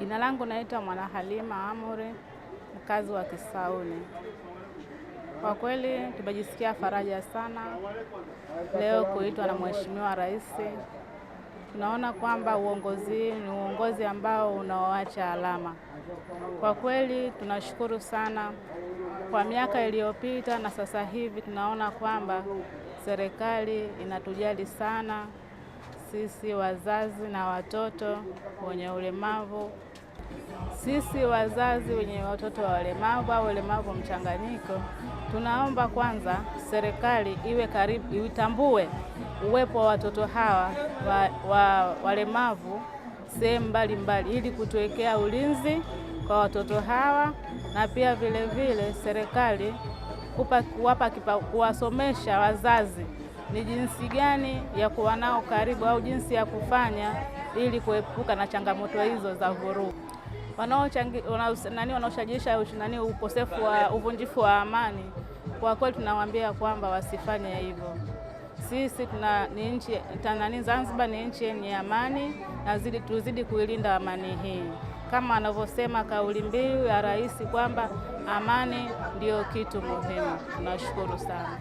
Jina langu naitwa Mwana Halima Amuri, mkazi wa Kisauni. Kwa kweli tumejisikia faraja sana leo kuitwa na Mheshimiwa Rais. Tunaona kwamba uongozi ni uongozi ambao unaoacha alama. Kwa kweli tunashukuru sana kwa miaka iliyopita na sasa hivi tunaona kwamba serikali inatujali sana sisi wazazi na watoto wenye ulemavu. Sisi wazazi wenye watoto wa walemavu au walemavu mchanganyiko, tunaomba kwanza serikali iwe karibu, itambue uwepo wa watoto hawa wa, wa walemavu sehemu mbalimbali ili kutuwekea ulinzi kwa watoto hawa, na pia vile vile serikali kupa, kuwapa kipa, kuwasomesha wazazi ni jinsi gani ya kuwa nao karibu au jinsi ya kufanya ili kuepuka na changamoto hizo za vurugu wanaoshajiisha nani ukosefu wa uvunjifu wa amani, kwa kweli tunawaambia kwamba wasifanye hivyo. Sisi tuna ni nchi tanani, Zanzibar ni nchi yenye amani na zidi, tuzidi kuilinda amani hii kama anavyosema kauli mbiu ya rais kwamba amani ndiyo kitu muhimu. Tunashukuru sana.